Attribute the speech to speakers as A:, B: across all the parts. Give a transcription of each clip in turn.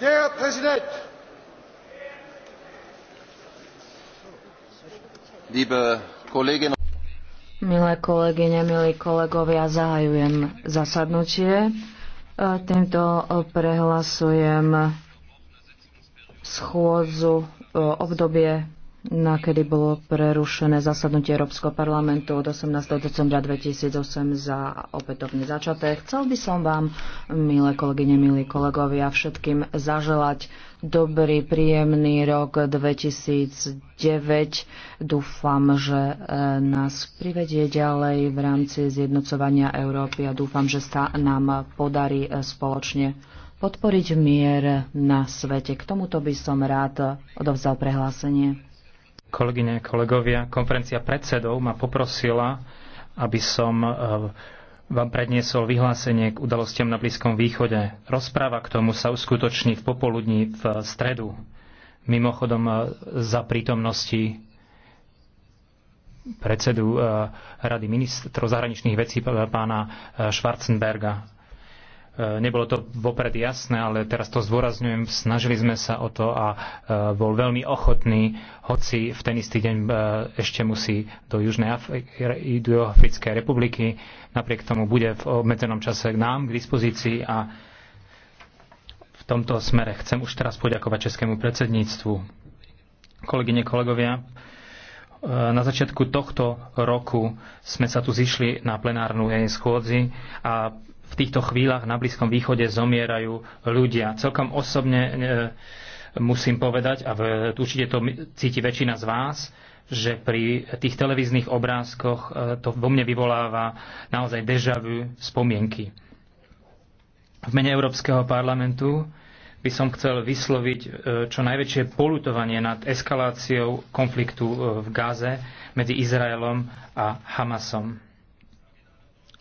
A: Der Präsident! Liebe Kolleginnen Milé kolegyne, milí kolegovia, zahajujem zasadnutie. E, týmto prehlasujem schôdzu e, obdobie na kedy bolo prerušené zasadnutie Európskeho parlamentu od 18. decembra 2008 za opätovne začaté. Chcel by som vám, milé kolegyne, milí kolegovia, všetkým zaželať dobrý, príjemný rok 2009. Dúfam, že e, nás privedie ďalej v rámci zjednocovania Európy a dúfam, že sa nám podarí e, spoločne podporiť mier na svete. K tomuto by som rád odovzal prehlásenie.
B: Kolegyne, kolegovia, konferencia predsedov ma poprosila, aby som e, vám predniesol vyhlásenie k udalostiam na Blízkom východe. Rozpráva k tomu sa uskutoční v popoludní v stredu. Mimochodom e, za prítomnosti predsedu e, Rady ministrov zahraničných vecí pána Schwarzenberga. E, nebolo to vopred jasné, ale teraz to zdôrazňujem. Snažili sme sa o to a e, bol veľmi ochotný, hoci v ten istý deň e, ešte musí do Južnej Afri- do Africkej republiky. Napriek tomu bude v obmedzenom čase k nám k dispozícii a v tomto smere chcem už teraz poďakovať Českému predsedníctvu. Kolegyne, kolegovia, na začiatku tohto roku sme sa tu zišli na plenárnu jej schôdzi a v týchto chvíľach na Blízkom východe zomierajú ľudia. Celkom osobne e, musím povedať, a určite to cíti väčšina z vás, že pri tých televíznych obrázkoch e, to vo mne vyvoláva naozaj deja vu, spomienky. V mene Európskeho parlamentu by som chcel vysloviť e, čo najväčšie polutovanie nad eskaláciou konfliktu v Gáze medzi Izraelom a Hamasom.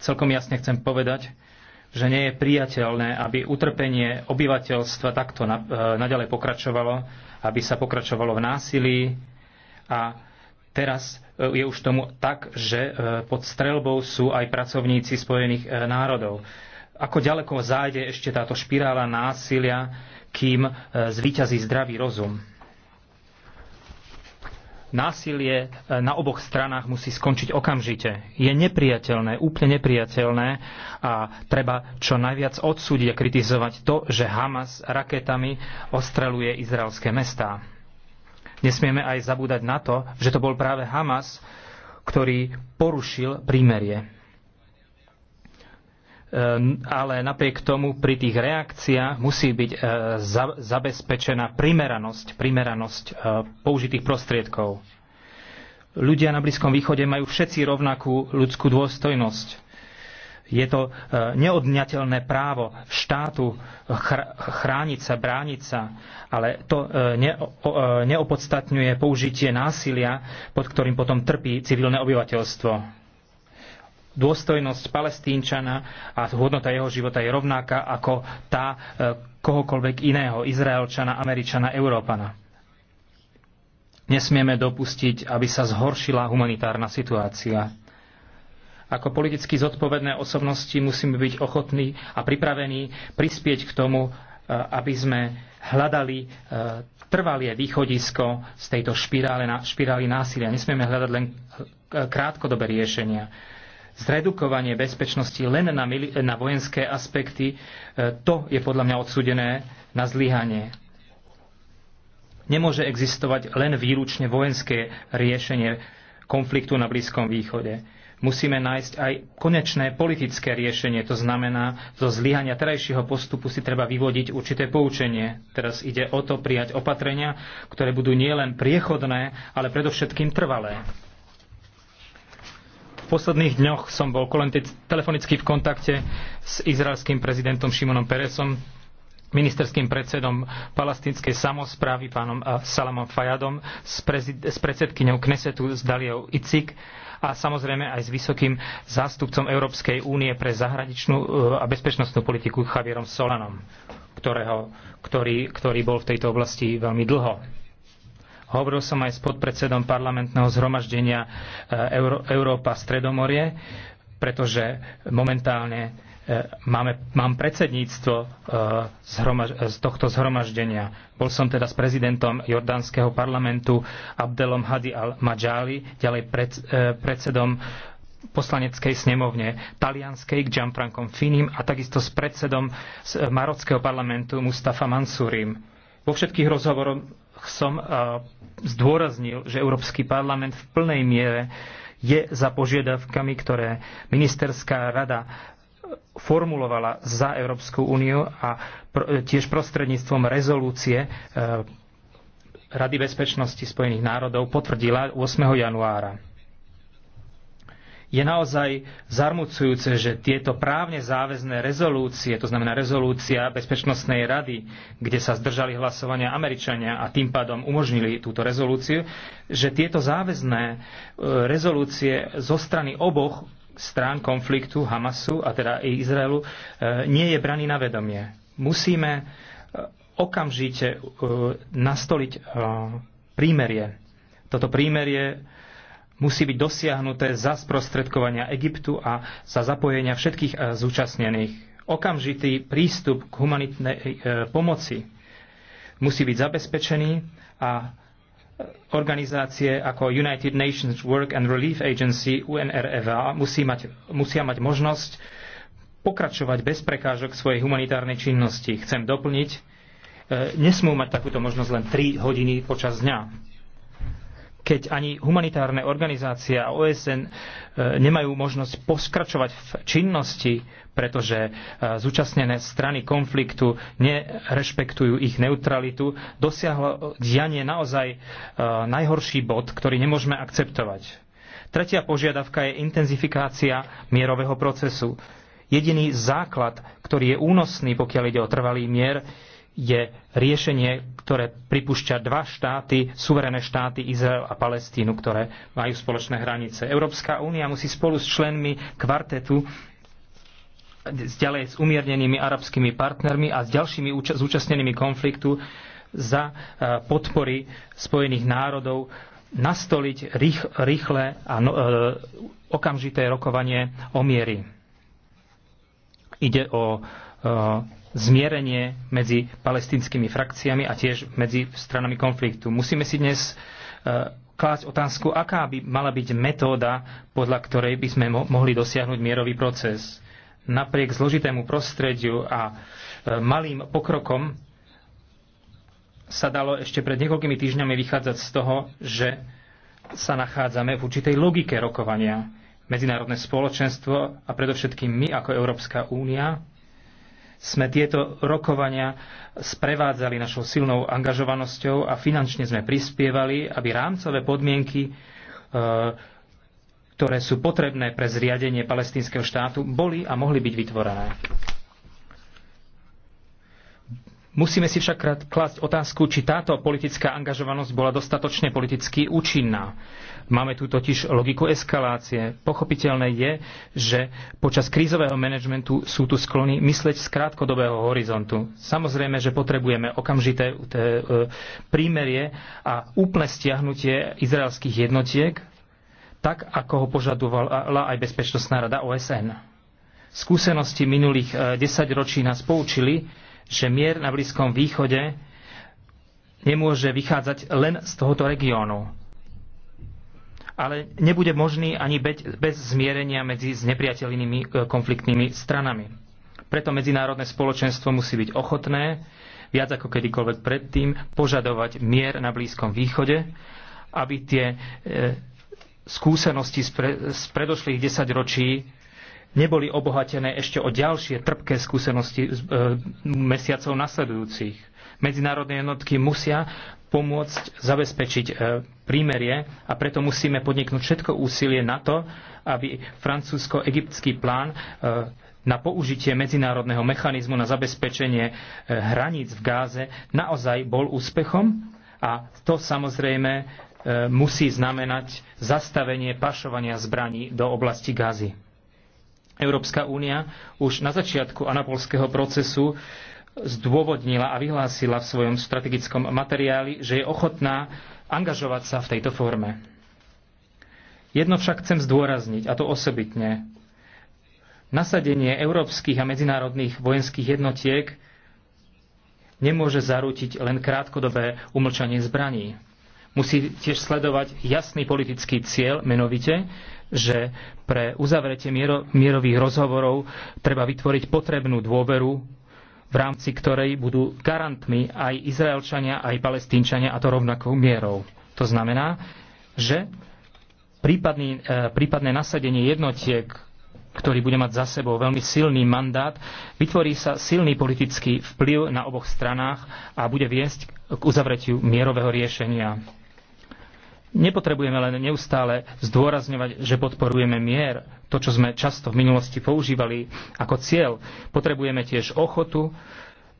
B: Celkom jasne chcem povedať, že nie je priateľné, aby utrpenie obyvateľstva takto e, naďalej pokračovalo, aby sa pokračovalo v násilí a teraz e, je už tomu tak, že e, pod streľbou sú aj pracovníci Spojených národov. Ako ďaleko zájde ešte táto špirála násilia, kým zvíťazí zdravý rozum? násilie e, na oboch stranách musí skončiť okamžite. Je nepriateľné, úplne nepriateľné a treba čo najviac odsúdiť a kritizovať to, že Hamas raketami ostreluje izraelské mestá. Nesmieme aj zabúdať na to, že to bol práve Hamas, ktorý porušil prímerie. Ehm, ale napriek tomu pri tých reakciách musí byť e, zabezpečená primeranosť, primeranosť e, použitých prostriedkov. Ľudia na Blízkom východe majú všetci rovnakú ľudskú dôstojnosť. Je to e, neodňateľné právo štátu chrániť sa, brániť sa, ale to neopodstatňuje použitie násilia, pod ktorým potom trpí civilné obyvateľstvo dôstojnosť palestínčana a hodnota jeho života je rovnaká ako tá e, kohokoľvek iného, Izraelčana, Američana, Európana. Nesmieme dopustiť, aby sa zhoršila humanitárna situácia. Ako politicky zodpovedné osobnosti musíme byť ochotní a pripravení prispieť k tomu, e, aby sme hľadali e, trvalie východisko z tejto špirály, špirály násilia. Nesmieme hľadať len krátkodobé riešenia zredukovanie bezpečnosti len na, na vojenské aspekty, e, to je podľa mňa odsudené na zlyhanie. Nemôže existovať len výlučne vojenské riešenie konfliktu na Blízkom východe. Musíme nájsť aj konečné politické riešenie. To znamená, zo zlyhania terajšieho postupu si treba vyvodiť určité poučenie. Teraz ide o to prijať opatrenia, ktoré budú nielen priechodné, ale predovšetkým trvalé posledných dňoch som bol telefonicky v kontakte s izraelským prezidentom Šimonom Peresom, ministerským predsedom palestinskej samozprávy pánom eh, Salamom Fajadom, s, prezid- s predsedkyňou Knesetu s Daliou Icik a samozrejme aj s vysokým zástupcom Európskej únie pre zahraničnú eh, a bezpečnostnú politiku Javierom Solanom, ktorého, ktorý, ktorý bol v tejto oblasti veľmi dlho Hovoril som aj s podpredsedom parlamentného zhromaždenia e, Euró- Európa Stredomorie, pretože momentálne e, máme, mám predsedníctvo e, z tohto zhromaždenia. Bol som teda s prezidentom jordánskeho parlamentu Abdelom Hadi al-Majali, ďalej pred, predsedom poslaneckej snemovne talianskej k Gianfrancom Finim a takisto s predsedom marockého parlamentu Mustafa Mansurim. Vo všetkých rozhovoroch som zdôraznil, že Európsky parlament v plnej miere je za požiadavkami, ktoré ministerská rada e, formulovala za Európsku úniu a e, tiež prostredníctvom rezolúcie e, Rady bezpečnosti Spojených národov potvrdila 8. januára. Je naozaj zarmucujúce, že tieto právne záväzné rezolúcie, to znamená rezolúcia Bezpečnostnej rady, kde sa zdržali hlasovania Američania a tým pádom umožnili túto rezolúciu, že tieto záväzné e, rezolúcie zo strany oboch strán konfliktu Hamasu a teda i Izraelu e, nie je braný na vedomie. Musíme e, okamžite nastoliť prímerie. Toto prímerie musí byť dosiahnuté za sprostredkovania Egyptu a za zapojenia všetkých eh, zúčastnených. Okamžitý prístup k humanitnej eh, pomoci musí byť zabezpečený a eh, organizácie ako United Nations Work and Relief Agency UNRWA e musí mať, musia mať možnosť pokračovať bez prekážok svojej humanitárnej činnosti. Chcem doplniť, nesmú mať takúto možnosť len 3 hodiny počas dňa keď ani humanitárne organizácie a OSN e, nemajú možnosť poskračovať v činnosti, pretože e, zúčastnené strany konfliktu nerešpektujú ich neutralitu, dosiahlo dianie naozaj e, najhorší bod, ktorý nemôžeme akceptovať. Tretia požiadavka je intenzifikácia mierového procesu. Jediný základ, ktorý je únosný, pokiaľ ide o trvalý mier, je riešenie, ktoré pripúšťa dva štáty, suverené štáty Izrael a Palestínu, ktoré majú spoločné hranice. Európska únia musí spolu s členmi kvartetu ďalej s umiernenými arabskými partnermi a s ďalšími zúčastnenými konfliktu za e, podpory Spojených národov nastoliť rýchle a no, e, okamžité rokovanie o miery. Ide o Eh, zmierenie medzi palestinskými frakciami a tiež medzi stranami konfliktu. Musíme si dnes eh, klásť otázku, aká by mala byť metóda, podľa ktorej by sme mohli dosiahnuť mierový proces. Napriek zložitému prostrediu a eh, malým pokrokom sa dalo ešte pred niekoľkými týždňami vychádzať z toho, že sa nachádzame v určitej logike rokovania. Medzinárodné spoločenstvo a predovšetkým my ako Európska únia sme tieto rokovania sprevádzali našou silnou angažovanosťou a finančne sme prispievali, aby rámcové podmienky, e, ktoré sú potrebné pre zriadenie palestínskeho štátu, boli a mohli byť vytvorené. Musíme si však klásť otázku, či táto politická angažovanosť bola dostatočne politicky účinná. Máme tu totiž logiku eskalácie. Pochopiteľné je, že počas krízového manažmentu sú tu sklony mysleť z krátkodobého horizontu. Samozrejme, že potrebujeme okamžité e, e, prímerie a úplné stiahnutie izraelských jednotiek, tak ako ho požadovala aj Bezpečnostná rada OSN. Skúsenosti minulých e, desaťročí nás poučili, že mier na Blízkom východe nemôže vychádzať len z tohoto regiónu. Ale nebude možný ani bez zmierenia medzi znepriateľnými e, konfliktnými stranami. Preto medzinárodné spoločenstvo musí byť ochotné, viac ako kedykoľvek predtým, požadovať mier na Blízkom východe, aby tie e, skúsenosti z, pre, predošlých desaťročí neboli obohatené ešte o ďalšie trpké skúsenosti z, e, mesiacov nasledujúcich. Medzinárodné jednotky musia pomôcť zabezpečiť e, prímerie a preto musíme podniknúť všetko úsilie na to, aby francúzsko-egyptský plán e, na použitie medzinárodného mechanizmu na zabezpečenie e, hraníc v Gáze naozaj bol úspechom a to samozrejme e, musí znamenať zastavenie pašovania zbraní do oblasti Gázy. Európska únia už na začiatku anapolského procesu zdôvodnila a vyhlásila v svojom strategickom materiáli, že je ochotná angažovať sa v tejto forme. Jedno však chcem zdôrazniť, a to osobitne. Nasadenie európskych a medzinárodných vojenských jednotiek nemôže zarútiť len krátkodobé umlčanie zbraní musí tiež sledovať jasný politický cieľ, menovite, že pre uzavretie miero, mierových rozhovorov treba vytvoriť potrebnú dôveru, v rámci ktorej budú garantmi aj Izraelčania, aj Palestínčania a to rovnakou mierou. To znamená, že prípadný, eh, prípadné nasadenie jednotiek ktorý bude mať za sebou veľmi silný mandát, vytvorí sa silný politický vplyv na oboch stranách a bude viesť k uzavretiu mierového riešenia. Nepotrebujeme len neustále zdôrazňovať, že podporujeme mier, to, čo sme často v minulosti používali ako cieľ. Potrebujeme tiež ochotu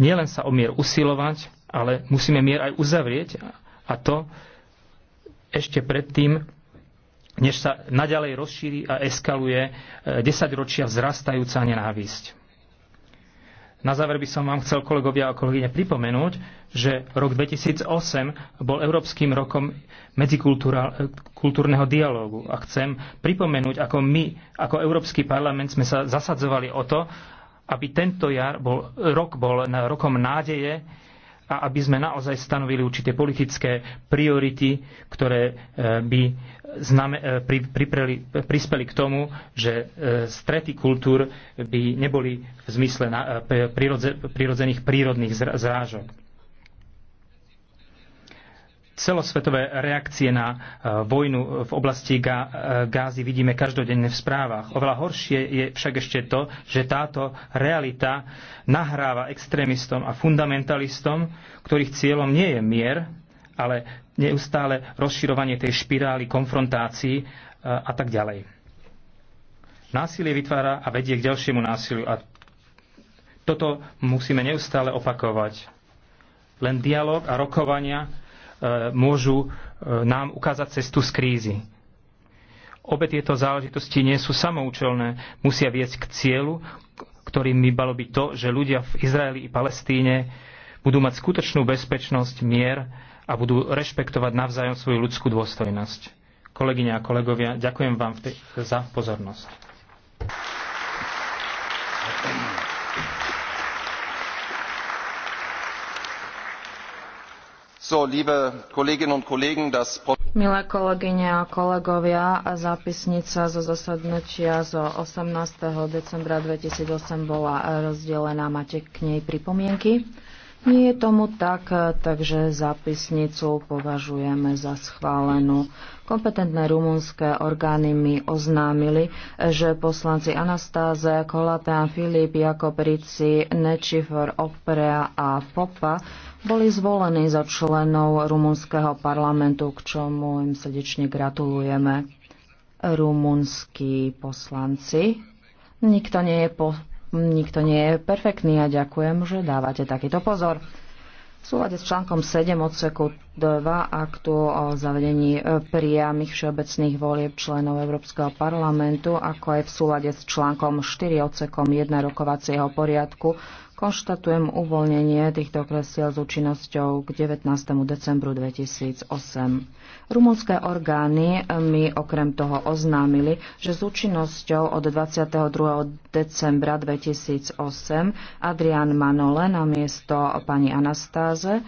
B: nielen sa o mier usilovať, ale musíme mier aj uzavrieť a to ešte predtým, než sa naďalej rozšíri a eskaluje e, desaťročia vzrastajúca nenávisť. Na záver by som vám chcel, kolegovia a kolegyne, pripomenúť, že rok 2008 bol Európskym rokom medzikultúrneho dialógu a chcem pripomenúť, ako my, ako Európsky parlament, sme sa zasadzovali o to, aby tento jar bol, rok bol rokom nádeje, a aby sme naozaj stanovili určité politické priority, ktoré e, by znamen- e, pri, pripreli, prispeli k tomu, že e, strety kultúr by neboli v zmysle prirodzených prírodných zrážok celosvetové reakcie na e, vojnu v oblasti e, Gázy vidíme každodenne v správach. Oveľa horšie je však ešte to, že táto realita nahráva extrémistom a fundamentalistom, ktorých cieľom nie je mier, ale neustále rozširovanie tej špirály konfrontácií e, a tak ďalej. Násilie vytvára a vedie k ďalšiemu násiliu a toto musíme neustále opakovať. Len dialog a rokovania E, môžu e, nám ukázať cestu z krízy. Obe tieto záležitosti nie sú samoučelné, musia viesť k cieľu, ktorým by malo byť to, že ľudia v Izraeli i Palestíne budú mať skutočnú bezpečnosť, mier a budú rešpektovať navzájom svoju ľudskú dôstojnosť. Kolegyne a kolegovia, ďakujem vám za pozornosť.
A: Milé kolegyne a kolegovia, zápisnica zo zasadnutia zo 18. decembra 2008 bola rozdelená. Máte k nej pripomienky? Nie je tomu tak, takže zápisnicu považujeme za schválenú. Kompetentné rumunské orgány mi oznámili, že poslanci Anastáze, Kolapean, Filip, Jakobrici, Nečifor, Oprea a Popa boli zvolení za členov rumunského parlamentu, k čomu im srdečne gratulujeme. Rumunskí poslanci. Nikto nie je po nikto nie je perfektný a ďakujem, že dávate takýto pozor. V súlade s článkom 7 odseku dva aktu o zavedení e, priamých všeobecných volieb členov Európskeho parlamentu, ako aj v súlade s článkom 4 odsekom 1 rokovacieho poriadku, konštatujem uvoľnenie týchto kresiel s účinnosťou k 19. decembru 2008. Rumunské orgány e, mi okrem toho oznámili, že s účinnosťou od 22. decembra 2008 Adrian Manole na miesto pani Anastáze, e,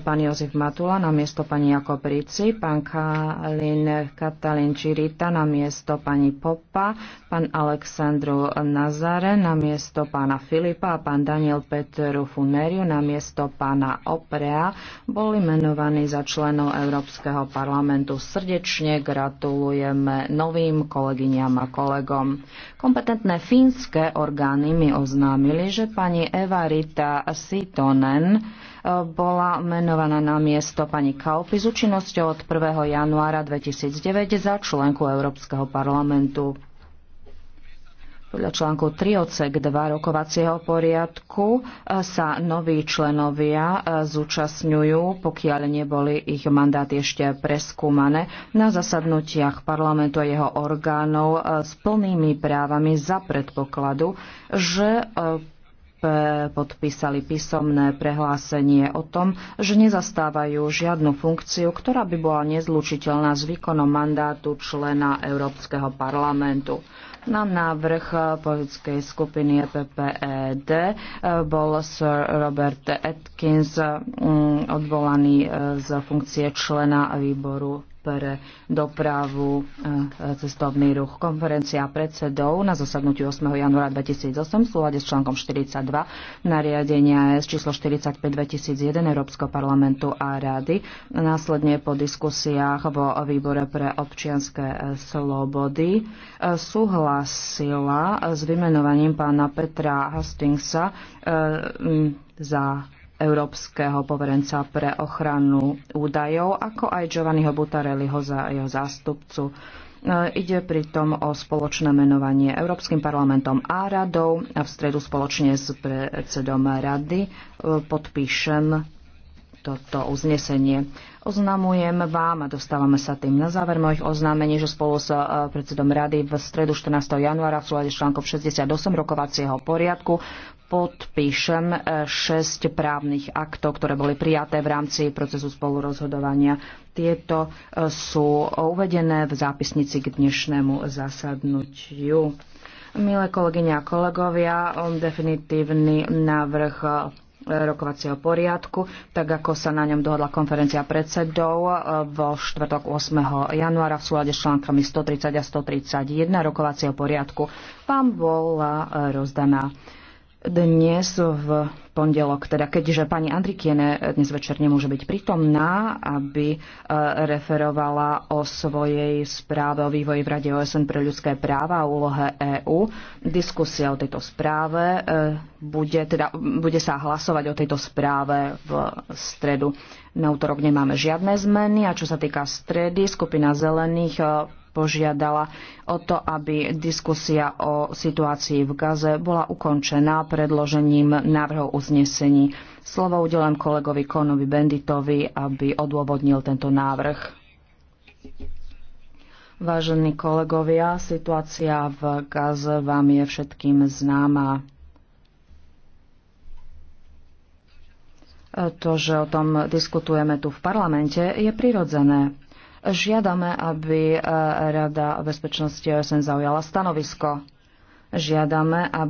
A: pani Jozef Matula na na miesto pani Jakobrici, pán Kalin Katalin Čirita na miesto pani Popa, pán Aleksandru Nazare na miesto pána Filipa a pán Daniel Petru Funeriu na miesto pána Oprea boli menovaní za členov Európskeho parlamentu. Srdečne gratulujeme novým kolegyňam a kolegom. Kompetentné fínske orgány mi oznámili, že pani Eva Rita Sitonen eh, bola menovaná na miesto pani pani Kaupy s účinnosťou od 1. januára 2009 za členku Európskeho parlamentu. Podľa článku 3 odsek 2 rokovacieho poriadku e, sa noví členovia e, zúčastňujú, pokiaľ neboli ich mandáty ešte preskúmané, na zasadnutiach parlamentu a jeho orgánov e, s plnými právami za predpokladu, že podpísali písomné prehlásenie o tom, že nezastávajú žiadnu funkciu, ktorá by bola nezlučiteľná s výkonom mandátu člena Európskeho parlamentu. Na návrh politickej skupiny EPPED eh, bol Sir Robert Atkins mm, odvolaný eh, z funkcie člena výboru pre dopravu e, cestovný ruch. Konferencia predsedov na zasadnutí 8. januára 2008 v súlade s článkom 42 nariadenia S číslo 45 2001 Európskeho parlamentu a rady. Následne po diskusiách vo výbore pre občianské e, slobody e, súhlasila s vymenovaním pána Petra Hastingsa za Európskeho poverenca pre ochranu údajov, ako aj Giovanniho Butarelliho za jeho zástupcu. E, ide pritom o spoločné menovanie Európskym parlamentom a radou. A v stredu spoločne s predsedom rady e, podpíšem toto uznesenie. Oznamujem vám a dostávame sa tým na záver mojich oznámení, že spolu s e, predsedom rady v stredu 14. januára v súlade s článkom 68 rokovacieho poriadku podpíšem e, šesť právnych aktov, ktoré boli prijaté v rámci procesu spolurozhodovania. Tieto e, sú uvedené v zápisnici k dnešnému zasadnutiu. Milé kolegyne a kolegovia, definitívny návrh e, rokovacieho poriadku, tak ako sa na ňom dohodla konferencia predsedov vo štvrtok 8. januára v súlade s článkami 130 a 131 rokovacieho poriadku vám bola rozdaná dnes v pondelok, teda keďže pani Andrikiene dnes večer nemôže byť prítomná, aby e, referovala o svojej správe o vývoji v Rade OSN pre ľudské práva a úlohe EÚ. Diskusia o tejto správe e, bude, teda, bude sa hlasovať o tejto správe v stredu. Na útorok nemáme žiadne zmeny a čo sa týka stredy, skupina zelených e, požiadala o to, aby diskusia o situácii v Gaze bola ukončená predložením návrhov uznesení. Slovo udelám kolegovi Konovi Benditovi, aby odôvodnil tento návrh. Vážení kolegovia, situácia v Gaze vám je všetkým známa. To, že o tom diskutujeme tu v parlamente, je prirodzené Žiadame, aby eh, Rada bezpečnosti OSN zaujala stanovisko. Žiadame, aby